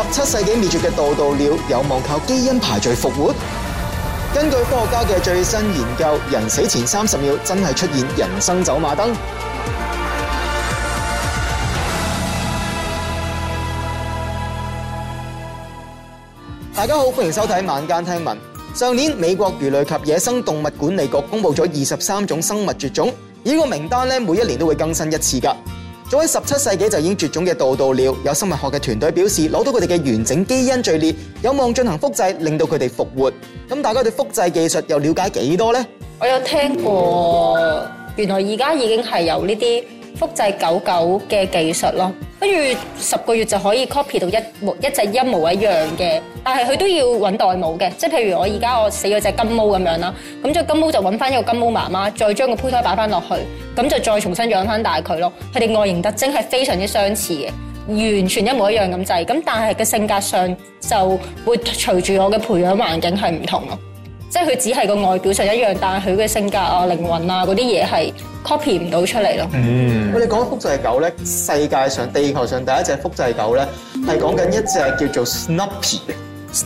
十七世紀滅絕嘅渡渡鳥有望靠基因排序復活。根據科學家嘅最新研究，人死前三十秒真係出現人生走馬燈。 大家好，歡迎收睇晚間聽聞。上年美國魚類及野生動物管理局公佈咗二十三種生物絕種，呢個名單咧，每一年都會更新一次噶。早喺十七世紀就已經絕種嘅渡渡鳥，有生物學嘅團隊表示，攞到佢哋嘅完整基因序列，有望進行複製，令到佢哋復活。咁大家對複製技術又了解幾多呢？我有聽過，原來而家已經係有呢啲複製狗狗嘅技術咯。跟住十個月就可以 copy 到一，一隻一模一樣嘅，但係佢都要揾代母嘅，即係譬如我而家我死咗隻金毛咁樣啦，咁將金毛就揾翻一個金毛媽媽，再將個胚胎擺翻落去，咁就再重新養翻大佢咯。佢哋外形特徵係非常之相似嘅，完全一模一樣咁滯，咁但係個性格上就會隨住我嘅培養環境係唔同咯。即係佢只係個外表上一樣，但係佢嘅性格啊、靈魂啊嗰啲嘢係 copy 唔到出嚟咯。嗯，我哋講複製狗咧，世界上地球上第一隻複製狗咧，係講緊一隻叫做 Snuppy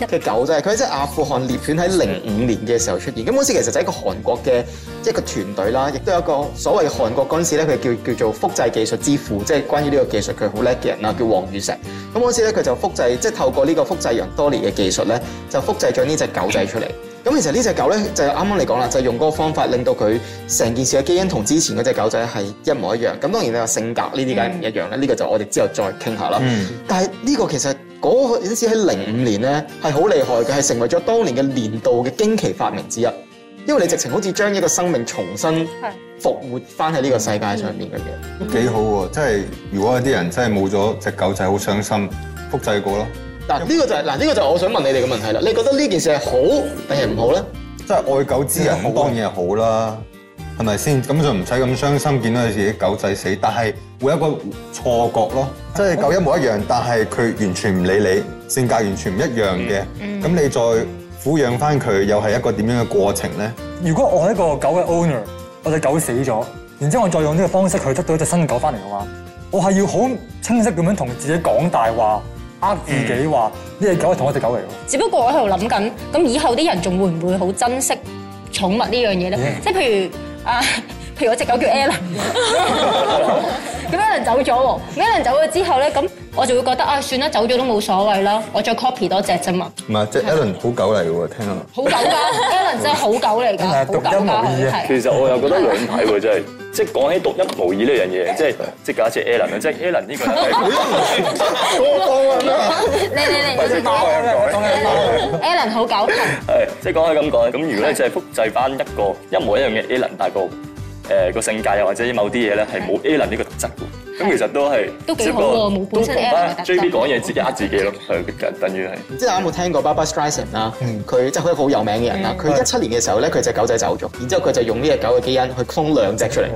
嘅狗仔。佢係一隻阿富汗獵犬，喺零五年嘅時候出現。咁嗰時其實就係一個韓國嘅一個團隊啦，亦都有一個所謂韓國嗰時咧，佢叫叫做複製技術之父，即係關於呢個技術佢好叻嘅人啦，叫黃禹錫。咁嗰時咧，佢就複製，即係透過呢個複製羊多利嘅技術咧，就複製咗呢隻狗仔出嚟。咁其實隻呢隻狗咧就啱啱嚟講啦，就係啱啱就係，用嗰個方法令到佢成件事嘅基因同之前嗰隻狗仔係一模一樣。咁當然你話性格呢啲梗係唔一樣啦，呢、嗯、個就我哋之後再傾下啦。嗯、但係呢個其實嗰件似喺零五年咧係好厲害嘅，係成為咗當年嘅年度嘅驚奇發明之一。因為你直情好似將一個生命重新是復活翻喺呢個世界上面嘅嘢，都幾、嗯嗯、好喎！即係，如果有啲人真係冇咗隻狗仔，好傷心，複製過咯。嗱，呢個就係、是、嗱，呢、這個就係我想問你哋嘅問題啦。你覺得呢件事係好定係唔好咧？即係愛狗之人 當然係好啦，係咪先？咁就唔使咁傷心，見到你自己狗仔死，但係會有一個錯覺咯。即係狗一模一樣， 但係佢完全唔理你，性格完全唔一樣嘅。咁、嗯嗯、你再撫養翻佢，又係一個點樣嘅過程咧？如果我係一個狗嘅 owner，我隻狗死咗，然之後我再用呢個方式去得到一隻新狗翻嚟嘅話，我係要好清晰咁樣同自己講大話。自己話呢隻狗係同一隻狗嚟嘅，只不過我喺度諗緊，咁以後啲人仲會唔會好珍惜寵物呢樣嘢咧？即係 Yeah. 譬如啊，譬如我隻狗叫 Alan 咁 Alan 走咗喎 Alan 走咗之後咧，咁。我就會覺得啊，算啦，走咗都冇所謂啦，我再 copy 多隻啫嘛。唔係，即係 Alan 好狗嚟嘅喎，聽唔聽？好狗㗎，Alan 真係好狗嚟㗎，好狗㗎。其實我又覺得兩睇喎，真係，即係講起獨一無二呢樣嘢，即係即係假設 Alan 即係 Alan 呢個係。你你你，唔好咁講，Alan 好狗。係，即係講起咁講，咁如果你就係複製翻一個一模一樣嘅 Alan 大哥。誒個性格又或者某啲嘢咧，係冇 Alan 呢個特質。咁其實都係，不過都同翻追尾講嘢，自己呃自己咯。係等於係。唔知大家有冇聽過 Barbra Streisand 啦？佢即係可以好有名嘅人啦。佢一七年嘅時候咧，佢隻狗仔走咗。然之後佢就用呢隻狗嘅基因去 con 兩隻出嚟。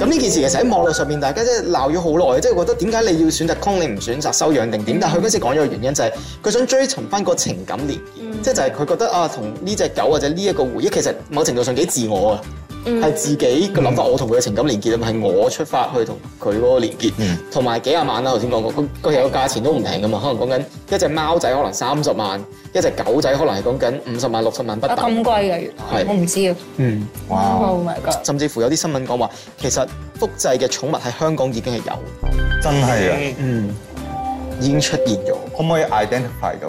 咁呢件事其實喺網絡上面，大家即係鬧咗好耐。即係覺得點解你要選擇 con，你唔選擇收養定點？但係佢嗰時講咗個原因就係，佢想追尋翻個情感連結。即係就係佢覺得啊，同呢隻狗或者呢一個回憶，其實某程度上幾自我啊。係自己個諗法，我同佢嘅情感連結啊嘛，係我出發去同佢嗰個連結，同埋、嗯、幾廿萬啊，頭先講過，個個有個價錢都唔平㗎嘛，可能講緊一隻貓仔可能三十萬，一隻狗仔可能係講緊五十萬、六十萬不等。咁貴嘅原來，係我唔知啊。嗯，哇，Wow, oh my God. 甚至乎有啲新聞講話，其實複製嘅寵物喺香港已經係有，真係啊，嗯，已經出現咗。可唔可以 identify 到，到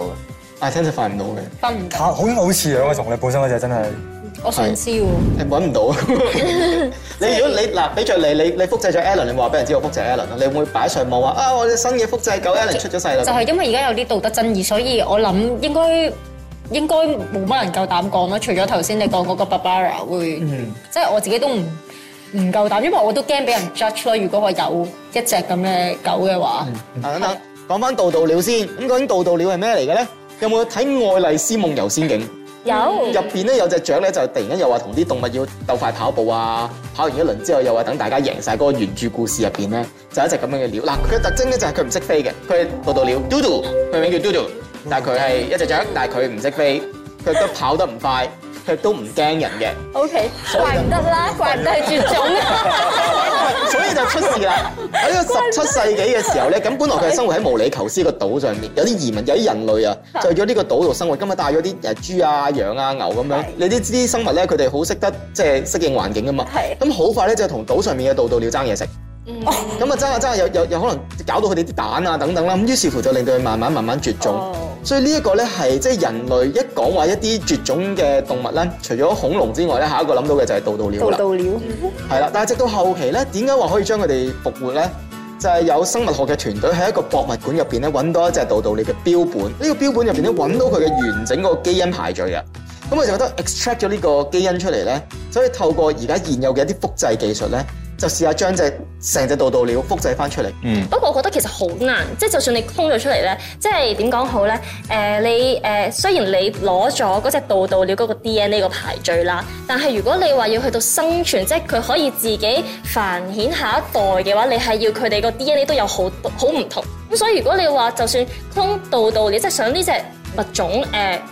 行行啊？identify 唔到嘅，好好似樣我同你本身嗰隻真係。真我想知喎，你揾唔到？你如果你嗱俾著你，你你複製咗 Allen，你會話俾人知我複製 Allen 咯？你會唔會擺上網啊？啊，我哋新嘅複製狗 Allen 出咗世啦！就係因為而家有啲道德爭議，所以我諗應該應該冇乜人夠膽講咯。除咗頭先你講嗰個 Barbara 會，嗯，即係我自己都唔唔夠膽，因為我都驚俾人 judge 咯。如果我有一隻咁嘅狗嘅話，等等講翻渡渡鳥先。咁究竟渡渡鳥係咩嚟嘅咧？有冇睇《愛麗絲夢遊仙境》？嗯、面呢，有入邊咧有隻雀咧，就突然間又話同啲動物要鬥快跑步啊！跑完一輪之後，又話等大家贏晒嗰，個原著故事入邊咧就是、一隻咁樣嘅鳥。嗱，佢嘅特徵咧就係佢唔識飛嘅，佢係渡渡鳥 Dodo 佢名叫 Dodo 但係佢係一隻雀，但係佢唔識飛，佢都跑得唔快。 都唔驚人嘅。O K，怪唔得啦，怪唔得係絕種。所以就出事啦。喺呢個十七世紀嘅時候咧，咁本來佢係生活喺毛里求斯呢個島上面，有啲移民，有啲人類啊，就係咗呢個島度生活。今日帶咗啲誒豬啊、羊啊、牛咁樣。你啲啲生物咧，佢哋好識得即係適應環境㗎嘛。咁好快咧，就同島上面嘅渡渡鳥爭嘢食。咁啊爭啊爭啊，又又又可能搞到佢哋啲蛋啊等等啦。咁於是乎就令到佢慢慢慢慢絕種。所以呢一個咧係即係人類一講話一啲絕種嘅動物咧，除咗恐龍之外咧，下一個諗到嘅就係渡渡鳥啦。渡渡鳥係啦，但係直到後期咧，點解話可以將佢哋復活咧？就係、是、有生物學嘅團隊喺一個博物館入邊咧，揾到一隻渡渡鳥嘅標本。呢、這個標本入邊咧，揾到佢嘅完整個基因排序嘅。咁我就覺得 extract 咗呢個基因出嚟咧，所以透過而家現有嘅一啲複製技術咧。就試下將隻成隻渡渡鳥複製翻出嚟。嗯。不過我覺得其實好難，即係就算你空咗出嚟咧，即係點講好咧？誒、呃，你誒雖然你攞咗嗰隻渡渡鳥嗰個 DNA 個排序啦，但係如果你話要去到生存，即係佢可以自己繁衍下一代嘅話，你係要佢哋個 DNA 都有好好唔同。咁所以如果你話就算空渡渡鳥，即係想呢隻物種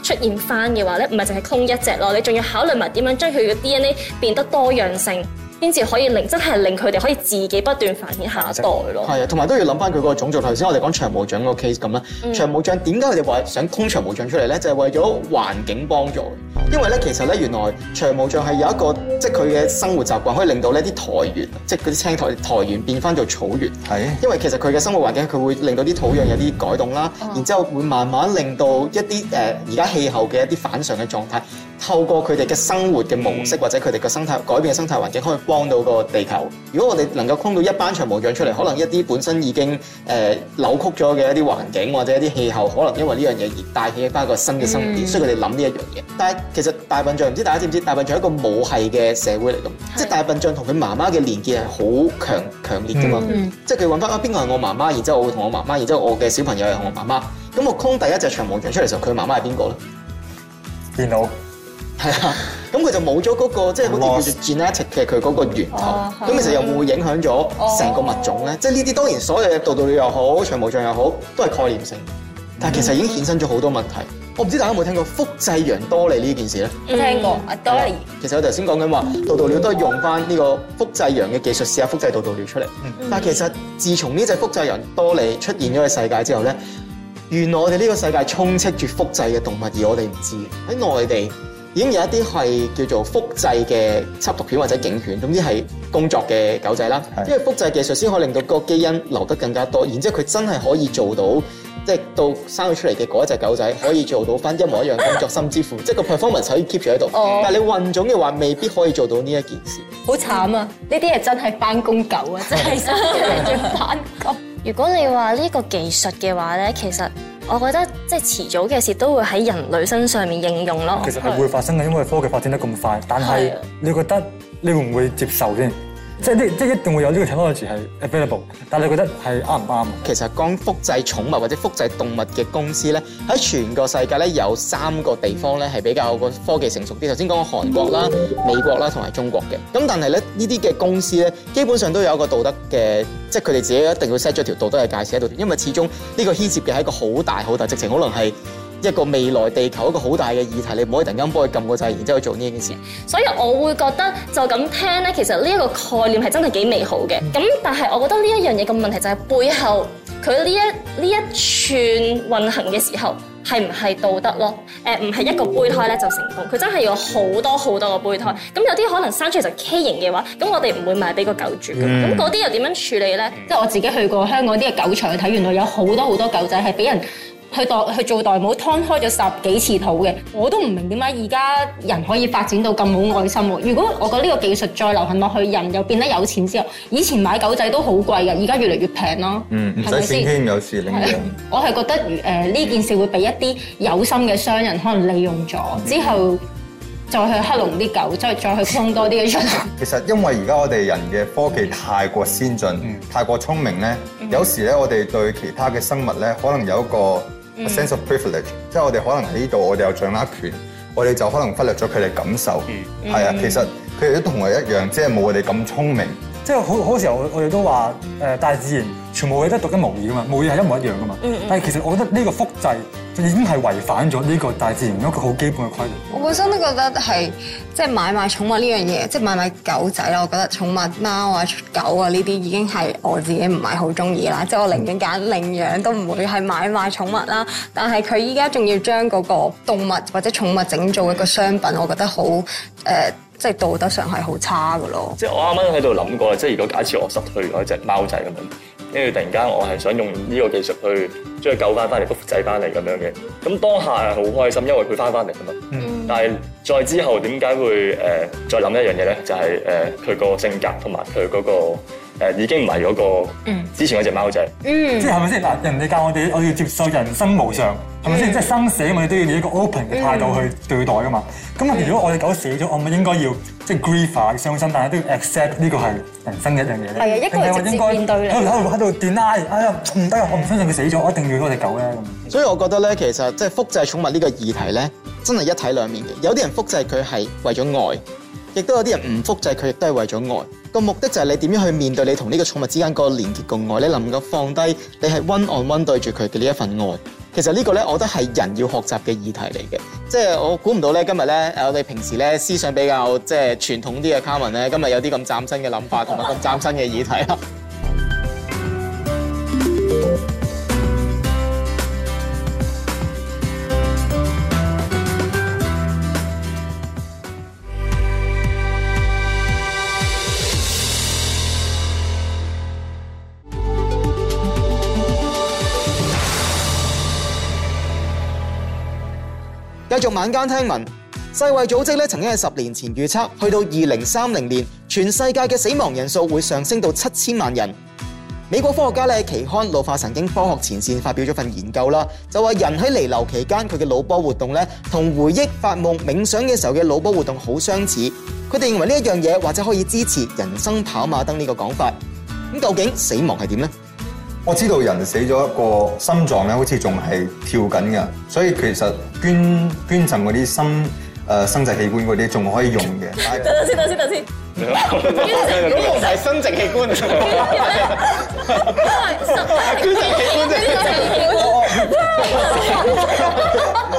誒出現翻嘅話咧，唔係淨係空一隻咯，你仲要考慮埋點樣將佢嘅 DNA 變得多樣性。先至可以令，真係令佢哋可以自己不斷繁衍下一代咯。係啊，同埋都要諗翻佢嗰個種族。頭先我哋講長毛象嗰個 case 咁啦，嗯、長毛象點解佢哋話想通長毛象出嚟咧？就係、是、為咗環境幫助。因為咧，其實咧原來長毛象係有一個，即係佢嘅生活習慣，可以令到呢啲苔原，即係嗰啲青苔苔原變翻做草原。係的。因為其實佢嘅生活環境，佢會令到啲土壤有啲改動啦，嗯、然之後會慢慢令到一啲誒而家氣候嘅一啲反常嘅狀態。透過佢哋嘅生活嘅模式，嗯、或者佢哋嘅生態改變嘅生態環境，可以幫到個地球。如果我哋能夠空到一班長毛象出嚟，可能一啲本身已經誒、呃、扭曲咗嘅一啲環境或者一啲氣候，可能因為呢樣嘢而帶起一班個新嘅生活。嗯、所以佢哋諗呢一樣嘢。但係其實大笨象唔知大家知唔知？大笨象係一個母系嘅社會嚟嘅，是即係大笨象同佢媽媽嘅連結係好強強烈嘅嘛。嗯嗯、即係佢揾翻邊個係我媽媽，然之後我會同我媽媽，然之後我嘅小朋友係我媽媽。咁我空第一隻長毛象出嚟嘅時候，佢媽媽係邊個咧？電腦。係啊，咁佢就冇咗嗰個即係好似叫做 genetic 嘅佢嗰個源頭，咁、啊啊、其實又會唔會影響咗成個物種咧？哦、即係呢啲當然所有嘅渡渡鳥又好長毛象又好，都係概念性，但係其實已經衍生咗好多問題。嗯、我唔知大家有冇聽過複製羊多利呢件事咧？嗯、聽過阿多利。其實我頭先講緊話渡渡鳥都係用翻呢個複製羊嘅技術試下複製渡渡鳥出嚟，嗯、但係其實自從呢隻複製羊多利出現咗喺世界之後咧，原來我哋呢個世界充斥住複製嘅動物，而我哋唔知，喺內地已經有一啲係叫做複製嘅緝毒犬或者警犬，總之係工作嘅狗仔啦。的因為複製技術先可以令到個基因留得更加多，然之後佢真係可以做到，即係到生咗出嚟嘅嗰一隻狗仔可以做到翻一模一樣工作，甚至乎即係個 performance 可以 keep 住喺度。但係你混種嘅話，未必可以做到呢一件事。好慘，oh. 啊！呢啲係真係翻工狗啊，真係想嚟做翻工。如果你話呢個技術嘅話咧，其實我覺得。即係遲早嘅事，都會喺人類身上面應用咯。其實係會發生嘅，對因為科技發展得咁快。但係你覺得你會唔會接受先？即係即係一定會有呢個情況嘅字係 available，但係你覺得係啱唔啱？其實講複製寵物或者複製動物嘅公司咧，喺全個世界咧有三個地方咧係比較個科技成熟啲。首先講韓國啦、美國啦同埋中國嘅。咁但係咧呢啲嘅公司咧，基本上都有一個道德嘅，即係佢哋自己一定要 set 咗條道德嘅界線喺度，因為始終呢個牽涉嘅係一個好大好大，直情可能係。一個未來地球一個好大嘅議題，你唔可以突然間幫佢撳個掣，然之後做呢件事。所以我會覺得就咁聽咧，其實呢一個概念係真係幾美好嘅。咁、嗯、但係我覺得呢一樣嘢嘅問題就係、是、背後佢呢一呢一串運行嘅時候係唔係道德咯？誒、呃，唔係一個胚胎咧就成功，佢真係有好多好多個胚胎。咁有啲可能生出嚟就畸形嘅話，咁我哋唔會賣俾個狗主。咁嗰啲又點樣處理咧？即係我自己去過香港啲嘅狗場去睇，原來有好多好多狗仔係俾人。去代去做代母，劏開咗十幾次肚嘅，我都唔明點解而家人可以發展到咁冇愛心喎。如果我覺得呢個技術再流行落去，人又變得有錢之後，以前買狗仔都好貴㗎，而家越嚟越平咯。嗯，唔使先有事利吧、嗯、我係覺得誒呢、呃、件事會俾一啲有心嘅商人可能利用咗，嗯、之後再去克隆啲狗，即係再再去劏多啲嘅出嚟。其實因為而家我哋人嘅科技太過先進，嗯、太過聰明咧，嗯、有時咧我哋對其他嘅生物咧，可能有一個。A sense of privilege，嗯、即係我哋可能喺呢度，我哋有掌握權，我哋就可能忽略咗佢哋感受，係啊、嗯，其實佢哋都同我一樣，即係冇我哋咁聰明，即係好好時候我，我哋都話誒大自然。全部嘢都讀無無一模一樣噶嘛，模樣係一模一樣噶嘛。嗯、但係其實我覺得呢個複製就已經係違反咗呢個大自然一個好基本嘅規律。我本身都覺得係即係買賣寵物呢樣嘢，即係買賣狗仔啦。我覺得寵物貓啊、狗啊呢啲已經係我自己唔係好中意啦。即係我寧願揀領養都唔會係買賣寵物啦。但係佢依家仲要將嗰個動物或者寵物整做一個商品，我覺得好誒，即係道德上係好差噶咯。即係我啱啱喺度諗過即係如果假設我失去咗一隻貓仔咁樣。跟住突然間，我係想用呢個技術去將佢救翻翻嚟，複製翻嚟咁樣嘅。咁當下係好開心，因為佢翻翻嚟啊嘛。嗯、但係再之後點解會誒再諗一樣嘢咧？就係誒佢個性格同埋佢嗰個，誒已經唔係嗰個，之前嗰隻貓仔，即係係咪先嗱？人哋教我哋，我要接受人生無常，係咪先？即係生死，我哋都要以一個 open 嘅態度去對待㗎嘛。咁如果我哋狗死咗，我咪應該要即係 grieve 啊，傷心，但係都要 accept 呢個係人生一樣嘢咧。係啊，一個係要面對嘅。佢喺度喺度 deny？哎呀，唔得啊！我唔相信佢死咗，我一定要嗰隻狗咧。咁，所以我覺得咧，其實即係複製寵物呢個議題咧，真係一體兩面嘅。有啲人複製佢係為咗愛。亦都有啲人唔複製佢，亦都係為咗愛。個目的就係你點樣去面對你同呢個寵物之間個連結個愛，你能夠放低你係 one on one 對住佢嘅呢一份愛。其實個呢個咧，我覺得係人要學習嘅議題嚟嘅。即係我估唔到咧，今日咧，我哋平時咧思想比較即係傳統啲嘅 Carmen 咧，今日有啲咁嶄新嘅諗法同埋咁嶄新嘅議題啦。 繼續晚間聽聞，世衛組織曾經喺十年前預測，去到二零三零年，全世界嘅死亡人數會上升到七千萬人。美國科學家咧喺期刊《老化神經科學前線》發表咗份研究，就話人喺彌留期間佢嘅腦波活動咧，同回憶、發夢、冥想嘅時候嘅腦波活動好相似。佢哋認為呢一樣嘢或者可以支持人生跑馬燈呢個講法。究竟死亡係點呢？我知道人死咗一個心臟咧，好似仲係跳緊嘅，所以其實捐捐贈嗰啲心誒，生殖器官嗰啲仲可以用嘅。等先，等先，等先。咁我唔係生殖器官。因為，生殖器官。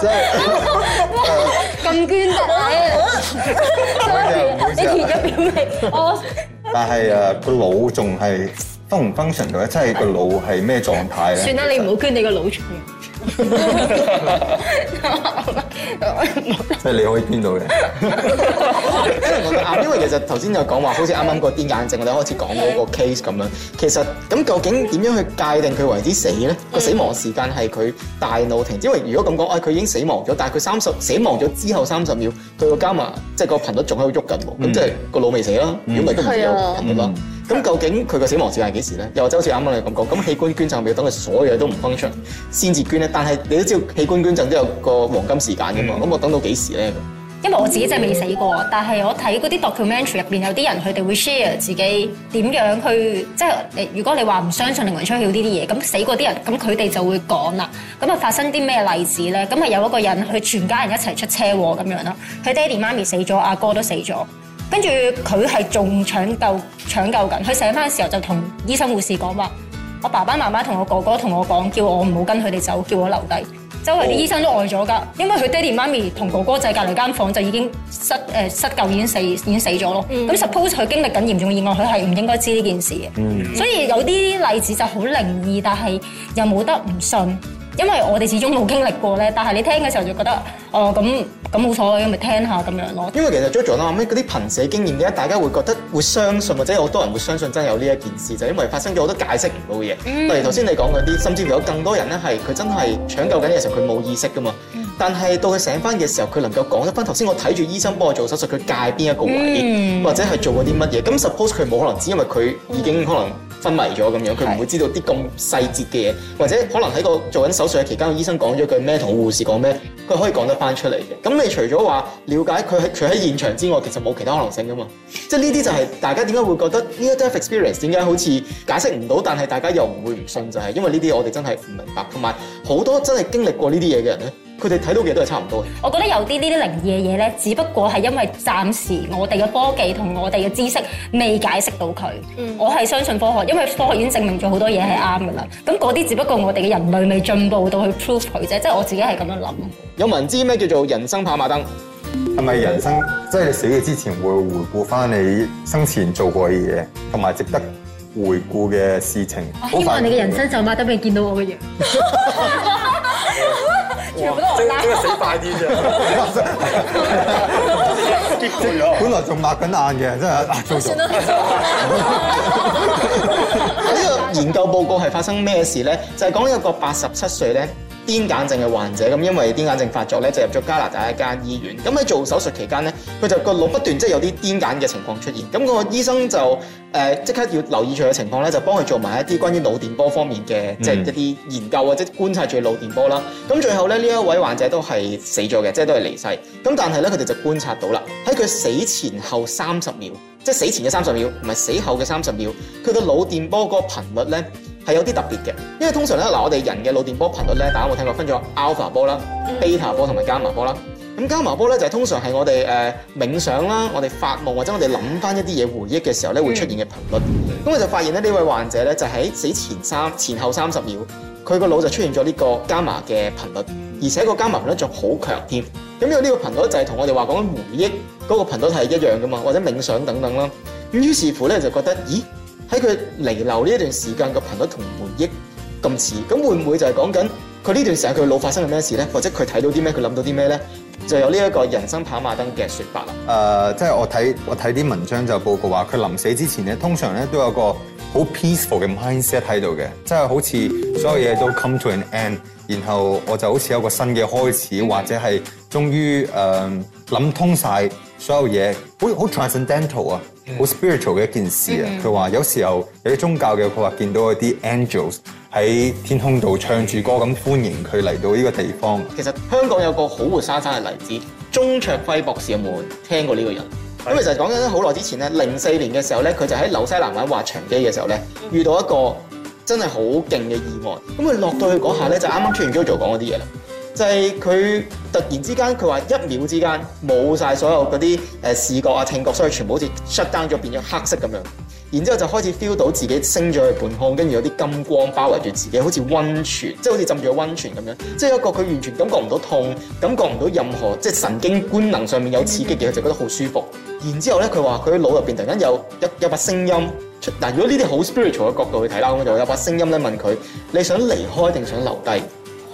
即係。咁捐得嘅，你填咗表未？我。但係誒，個腦仲係。function 到咧，即係個腦係咩狀態咧？算啦，你唔好捐你個腦出嚟。即係你可以捐到嘅。因為其實頭先就講話，好似啱啱嗰啲眼症， 我哋開始講嗰個 case 咁樣。其實咁究竟點樣去界定佢為之死咧？個 死亡時間係佢大腦停止，因為如果咁講，啊佢已經死亡咗，但係佢三十死亡咗之後三十秒，佢個伽瑪即係個頻率仲喺度喐緊喎。咁即係個腦未死啦。如果唔係，咁自然有頻率啦。 咁究竟佢個死亡時間係幾時咧？又或者好似啱啱你咁講，咁器官捐贈要等佢所有嘢都唔掹出先至捐咧？但係你都知道器官捐贈都有個黃金時間㗎嘛？咁、嗯、我等到幾時咧？因為我自己真係未死過，但係我睇嗰啲 documentary 入邊有啲人佢哋會 share 自己點樣去，即係如果你話唔相信靈魂出竅呢啲嘢，咁死過啲人咁佢哋就會講啦。咁啊發生啲咩例子咧？咁啊有一個人佢全家人一齊出車禍咁樣啦，佢爹哋媽咪死咗，阿哥，哥都死咗。跟住佢係仲搶救搶救緊，佢醒翻嘅時候就同醫生護士講話：我爸爸媽媽同我哥哥同我講，叫我唔好跟佢哋走，叫我留低。周圍啲醫生都呆咗㗎，因為佢爹哋媽咪同哥哥仔隔離間房就已經失誒、呃、失救已，已經死已經死咗咯。咁 suppose 佢經歷緊嚴重意外，佢係唔應該知呢件事嘅。嗯、所以有啲例子就好靈異，但係又冇得唔信。因為我哋始終冇經歷過咧，但係你聽嘅時候就覺得，哦，咁咁，冇所謂，咁咪聽下咁樣咯。因為其實 JoJo 啦，咁嗰啲瀕死經驗點解大家會覺得會相信，或者好多人會相信真係有呢一件事，就因為發生咗好多解釋唔到嘅嘢。嗯、例如頭先你講嗰啲，甚至如果更多人咧，係佢真係搶救緊嘅時候佢冇意識噶嘛，但係到佢醒翻嘅時候佢能夠講得翻。頭先我睇住醫生幫我做手術，佢界邊一個位，嗯、或者係做過啲乜嘢。咁 suppose 佢冇可能知，因為佢已經可能。昏迷咗咁樣，佢唔會知道啲咁細節嘅嘢，或者可能喺個做緊手術嘅期間，醫生講咗句咩，同護士講咩，佢可以講得翻出嚟嘅。咁你除咗話了解佢喺佢喺現場之外，其實冇其他可能性噶嘛。即係呢啲就係大家點解會覺得呢一種 experience 點解好似解釋唔到，但係大家又唔會唔信，就係因為呢啲我哋真係唔明白，同埋好多真係經歷過呢啲嘢嘅人咧。佢哋睇到嘅都係差唔多。我覺得有啲呢啲靈異嘅嘢咧，只不過係因為暫時我哋嘅科技同我哋嘅知識未解釋到佢。嗯，我係相信科學，因為科學已經證明咗好多嘢係啱嘅啦。咁嗰啲只不過我哋嘅人類未進步到去 prove 佢啫。即係我自己係咁樣諗。有冇人知咩叫做人生跑馬燈？係咪、嗯、人生即係死嘅之前會回顧翻你生前做過嘅嘢，同埋值得回顧嘅事情？嗯、我希望你嘅人生就馬燈未人見到我嘅嘢。 哇！真係快啲咋， 本來仲擘緊眼嘅，真係啊！做熟呢個研究報告係發生咩事咧？就係、係、講一個八十七歲咧。癲癇症嘅患者咁，因為癲癇症發作咧，就入咗加拿大一間醫院。咁喺做手術期間咧，佢就個腦不斷即係有啲癲癇嘅情況出現。咁個醫生就誒、呃、即刻要留意住佢嘅情況咧，就幫佢做埋一啲關於腦電波方面嘅、嗯，即係一啲研究或者觀察住腦電波啦。咁最後咧，呢一位患者都係死咗嘅，即係都係離世。咁但係咧，佢哋就觀察到啦，喺佢死前後三十秒，即係死前嘅三十秒同埋死後嘅三十秒，佢嘅腦電波個頻率咧。係有啲特別嘅，因為通常咧嗱，我哋人嘅腦電波頻率咧，大家有冇聽過分咗 alpha 波啦、beta、嗯、波同埋 gamma 波啦？咁 gamma 波咧就係通常係我哋誒、呃、冥想啦、我哋發夢或者我哋諗翻一啲嘢回憶嘅時候咧會出現嘅頻率。咁、嗯、我就發現咧呢位患者咧就喺、是、死前三、前後三十秒，佢個腦就出現咗呢個 gamma 嘅頻率，而且個 gamma 頻率仲好強添。咁因為呢個頻率就係同我哋話講緊回憶嗰、那個頻率係一樣噶嘛，或者冥想等等啦。咁於是乎咧就覺得咦？喺佢彌留呢一段時間嘅頻率同回憶咁似，咁會唔會就係講緊佢呢段時間佢腦發生咗咩事咧？或者佢睇到啲咩，佢諗到啲咩咧？就有呢一個人生跑馬燈嘅説法啦。誒、uh，即係我睇我睇啲文章就報告話，佢臨死之前咧，通常咧都有個 peace mind set、就是、好 peaceful 嘅 mindset 喺度嘅，即係好似所有嘢都 come to an end，然後我就好似有個新嘅開始，或者係終於誒諗通晒。所有嘢好好 transcendental 啊，好 spiritual 嘅一件事啊。佢話、嗯嗯、有時候有啲宗教嘅佢話見到一啲 angels 喺天空度唱住歌咁歡迎佢嚟到呢個地方。其實香港有個好活生生嘅例子，鍾卓輝博士有冇聽過呢個人？是的 因為就係講緊好耐之前咧，零四年嘅時候咧，佢就喺紐西蘭玩滑翔機嘅時候咧，遇到一個真係好勁嘅意外。咁佢落到去嗰下咧，就啱啱出現 Jojo 講嗰啲嘢啦。就係佢突然之間，佢話一秒之間冇晒所有嗰啲誒視覺啊、聽覺，所以全部好似 shut down 咗，變咗黑色咁樣。然之後就開始 feel 到自己升咗去半空，跟住有啲金光包圍住自己，好似溫泉，即係好似浸住個溫泉咁樣。即係一個佢完全感覺唔到痛，感覺唔到任何即係神經官能上面有刺激嘅，佢就覺得好舒服。然之後咧，佢話佢腦入邊突然間有一有一有一把聲音出，嗱，如果呢啲好 spiritual 嘅角度去睇啦，我就有把聲音咧問佢：你想離開定想留低？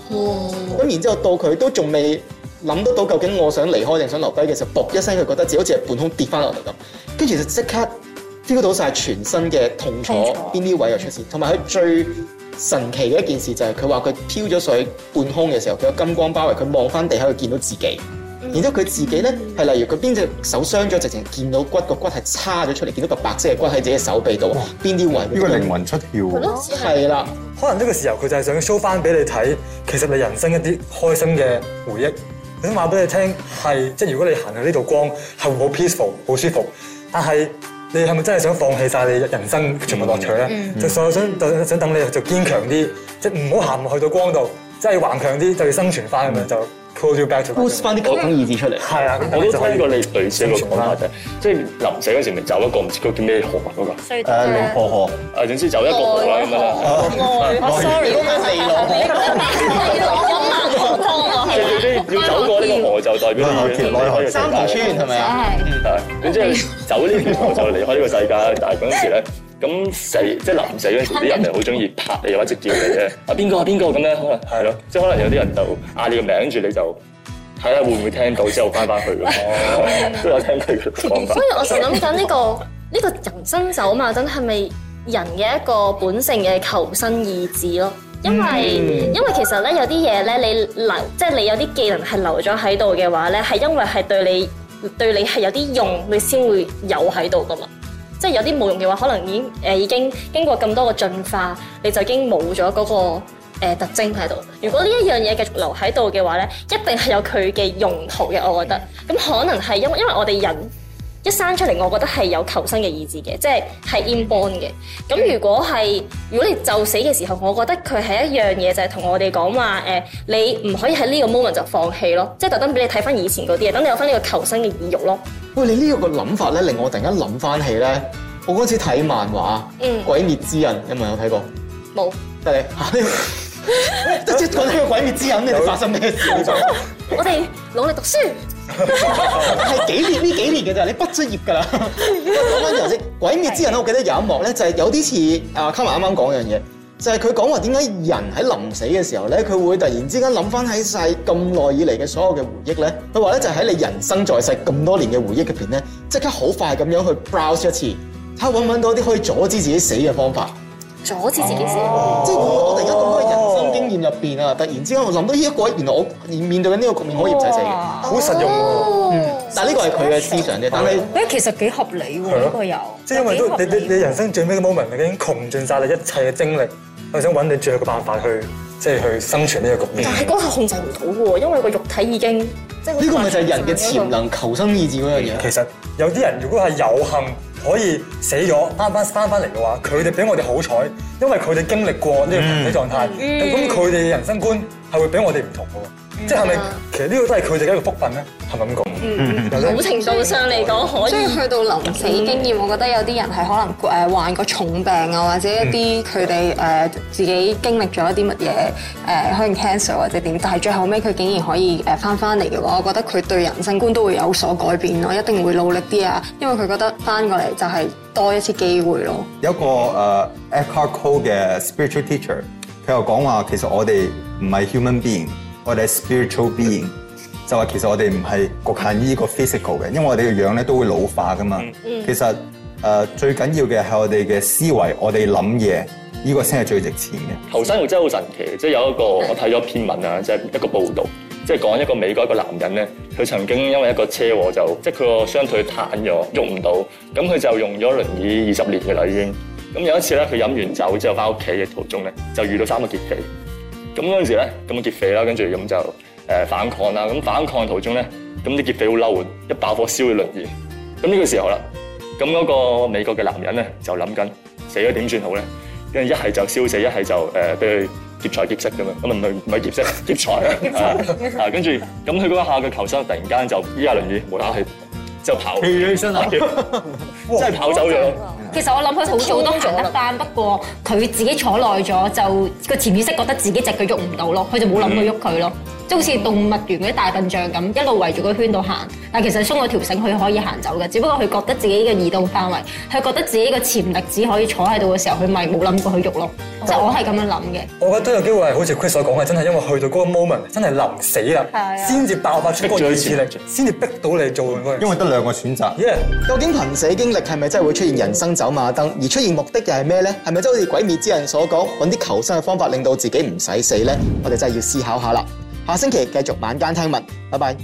哇！咁然之後到佢都仲未諗得到究竟我想離開定想留低嘅時候，噗一聲佢覺得自己好似係半空跌翻落嚟咁，跟住就即刻 feel 到晒全身嘅痛楚，邊啲楚位又出現？同埋佢最神奇嘅一件事就係佢話佢飄咗水半空嘅時候，佢有金光包圍，佢望翻地下，度見到自己。然之後佢自己咧，係，例如佢邊隻手傷咗，直情見到骨，個骨係叉咗出嚟，見到個白色嘅骨喺自己手臂度。邊啲位？呢個靈魂出竅喎，係啦。 可能呢個時候佢就係想 show 翻俾你睇，其實你人生一啲開心嘅回憶。 想，你想話俾你聽，係即係如果你行到呢度光，係會好 peaceful，好舒服。但係你係咪真係想放棄晒你人生全部樂趣咧？ 就，我想，想等你就堅強啲，即係唔好行去到光度，即係頑強啲，就要生存翻咁就。 過條橋翻啲普通二字出嚟。係啊，我都係呢你你似一嘅講法，就係即係臨死嗰時，咪走一個唔知佢叫咩河嗰個。誒，六河河，誒，總之走一個河啦咁啊。愛，sorry，四路，四路，五要走過呢個河就代表要離開河。三條村係咪啊？係。嗯，係。總之走呢條河就離開呢個世界啦。但係嗰時咧。咁死即係臨死嗰陣時，啲人係好中意拍你又一直叫你嘅，啊邊個啊邊個咁，可能係咯，即係、啊就是、可能有啲人就嗌你個名，跟住你就睇下會唔會聽到，之後翻返去咁 都有聽佢講。 所以我就諗緊呢個呢、呢個人生走馬燈，真係咪人嘅一個本性嘅求生意志咯？因為、mm hmm. 因為其實咧有啲嘢咧，你留即係、就是、你有啲技能係留咗喺度嘅話咧，係因為係對你對你係有啲用，你先會有喺度噶嘛。即係有啲冇用嘅話，可能已經、呃、已經經過咁多個進化，你就已經冇咗嗰個、呃、特徵喺度。如果呢一樣嘢繼續留喺度嘅話咧，一定係有佢嘅用途嘅，我覺得。咁 Okay. 可能係因為因為我哋人。一生出嚟，我覺得係有求生嘅意志嘅，即係係 inborn 嘅。咁如果係如果你就死嘅時候，我覺得佢係一樣嘢就係、是、同我哋講話誒，你唔可以喺呢個 moment 就放棄咯，即係特登俾你睇翻以前嗰啲嘢，等你有翻呢個求生嘅意欲咯。喂，你呢個嘅諗法咧，令我突然間諗翻起咧，我嗰陣時睇漫畫《嗯鬼滅之刃》，有冇有睇過？冇有。即得你嚇？得啲講起《鬼滅之刃》，你哋發生咩事？ 我哋努力讀書。係 幾年呢？幾年嘅咋？你畢咗業㗎啦。講翻頭先，鬼滅之刃的我記得有一幕咧，就係有啲似啊 Carmen 啱啱講嘅樣嘢，就係佢講話點解人喺臨死嘅時候咧，佢會突然之間諗翻起晒咁耐以嚟嘅所有嘅回憶咧。佢話咧就係喺你人生在世咁多年嘅回憶入邊咧，即刻好快咁樣去 browse 一次，睇下揾唔揾到啲可以阻止自己死嘅方法，阻止自己死，即係、哦。.突然之間，我諗到呢一個，原來我面對緊呢個局面可以唔使死嘅，好實用喎！但係呢個係佢嘅思想啫，但係誒其實幾合理喎，呢個有，即係因為都你你人生最尾嘅 moment，你已經窮盡晒你一切嘅精力，我想揾你最後嘅辦法去即係去生存呢個局面。但係嗰係控制唔到嘅喎，因為個肉體已經即係呢個咪就係人嘅潛能求生意志嗰樣嘢。其實有啲人如果係有幸。可以死咗，返返嚟嘅話，佢哋比我哋好彩，因為佢哋經歷過呢個群體狀態，咁佢哋人生觀，係會比我哋唔同的。嗯、即係咪、嗯、其實呢個都係佢哋自己一個福分咧？係咪咁講，嗯嗯，某程度上嚟講以可以去到臨死經驗。我覺得有啲人係可能誒患過重病啊，或者一啲佢哋誒自己經歷咗一啲乜嘢誒，可能 cancer 或者點。但係最後尾，佢竟然可以誒翻翻嚟嘅話，我覺得佢對人生觀都會有所改變咯，一定會努力啲啊，因為佢覺得翻過嚟就係多一次機會咯。有一個誒 Eckhart Tolle 嘅 spiritual teacher，佢又講話其實我哋唔係 human being。我哋 spiritual being，嗯、就話其實我哋唔係局限於呢個 physical 嘅，因為我哋嘅樣咧都會老化噶嘛。嗯嗯、其實誒、呃、最緊要嘅係我哋嘅思維，我哋諗嘢呢個先係最值錢嘅。頭先又真係好神奇，即係有一個我睇咗篇文啊，即係一個報道，即係講一個美國一個男人咧，佢曾經因為一個車禍就即係佢個雙腿癱咗，喐唔到，咁佢就用咗輪椅二十年嘅啦已經。咁有一次咧，佢飲完酒之後翻屋企嘅途中咧，就遇到三個劫匪。咁嗰陣時咧，咁個劫匪啦，跟住咁就誒反抗啦。咁反抗途中咧，咁啲劫匪好嬲啊，一把火燒佢輪椅。咁呢個時候啦，咁嗰個美國嘅男人咧就諗緊死咗點算好咧？跟住一係就燒死，一係就誒俾佢劫財劫色咁樣。咁啊唔係唔係劫色，劫財啊。啊！跟住咁佢嗰一下嘅求生，突然間就依下輪椅冇打氣起，之後跑，起身真係跑走咗。其實我諗佢好早都行得翻，了不過佢自己坐耐咗，就個潛意識覺得自己隻腳喐唔到咯，佢、嗯、就冇諗過去喐佢咯，即係好似動物園嗰啲大笨象咁，一路圍住個圈度行。但其實鬆咗條繩，佢可以行走嘅，只不過佢覺得自己嘅移動範圍，佢覺得自己嘅潛力只可以坐喺度嘅時候，佢咪冇諗過去喐咯。嗯、即係我係咁樣諗嘅。我覺得都有機會係好似 Chris 所講嘅，真係因為去到嗰個 moment，真係臨死啦，先至、啊、爆發出咗潛力，力，先至逼到你做力力因為得兩個選擇。Yeah. 究竟瀕死經歷係咪真係會出現人生走馬燈而出現目的又係咩呢？係咪真係好似鬼滅之刃所講，揾啲求生嘅方法，令到自己唔使死呢？我哋真係要思考一下啦。下星期繼續晚間聽聞，拜拜。